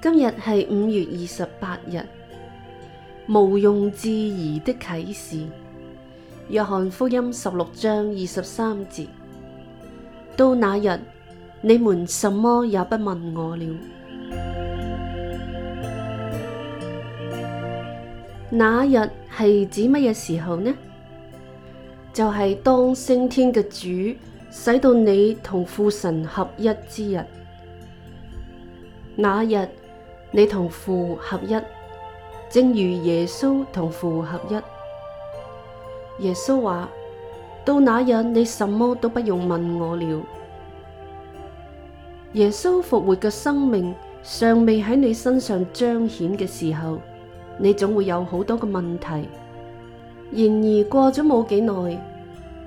今日係五月二十八日，毋庸置疑的啟示。約翰福音十六章二十三節：到那日，你們什麼也不問我了。那日係指乜嘢時候呢？就係、是、當升天嘅主使到你同父神合一之日。那日。你同父合一，正如耶穌同父合一。耶穌話：到那日，你什麼都不用問我了。耶穌復活嘅生命尚未喺你身上彰顯嘅時候，你總會有好多個問題。然而過咗冇幾耐，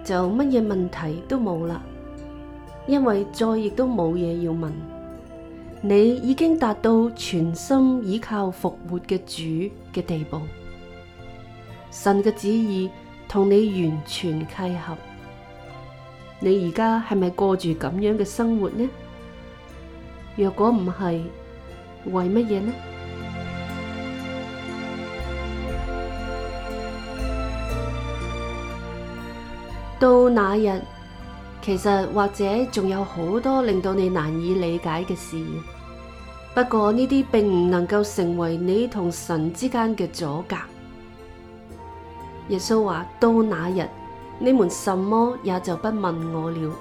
就乜嘢問題都冇啦，因為再亦都冇嘢要問。你已經達到全心倚靠復活嘅主嘅地步，神嘅旨意同你完全契合。你而家係咪過住咁樣嘅生活呢？若果唔係，為乜嘢呢？ 到那日。其實或者仲有好多令到你難以理解嘅事，不過呢啲並唔能夠成為你同神之間嘅阻隔。耶穌話：到那日，你們什麼也就不問我了。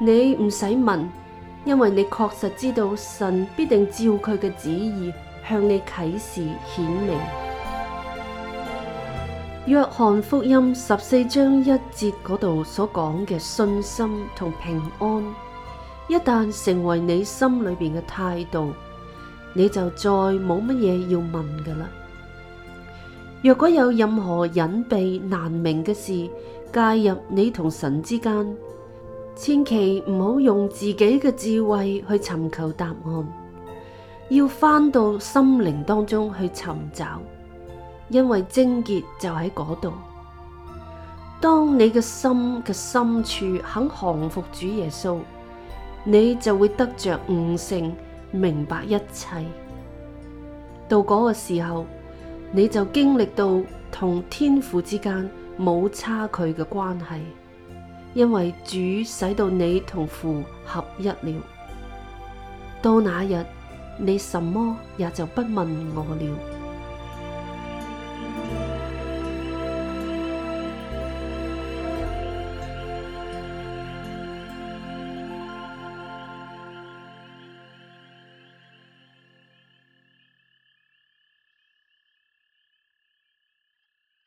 你唔使問，因為你確實知道神必定照佢嘅旨意向你啟示顯明。約翰福音十四章一節嗰度所講嘅信心同平安，一旦成為你心裏面嘅態度，你就再冇乜嘢要問噶啦。若果有任何隱秘難明嘅事介入你同神之間，千祈唔好用自己嘅智慧去尋求答案，要翻到心靈當中去尋找。因為症結就喺嗰度。當你嘅心嘅深處肯降服主耶穌，你就會得着悟性，明白一切。到嗰個時候，你就經歷到同天父之間冇差距嘅關係，因為主使到你同父合一了。到那日，你什麼也就不問我了。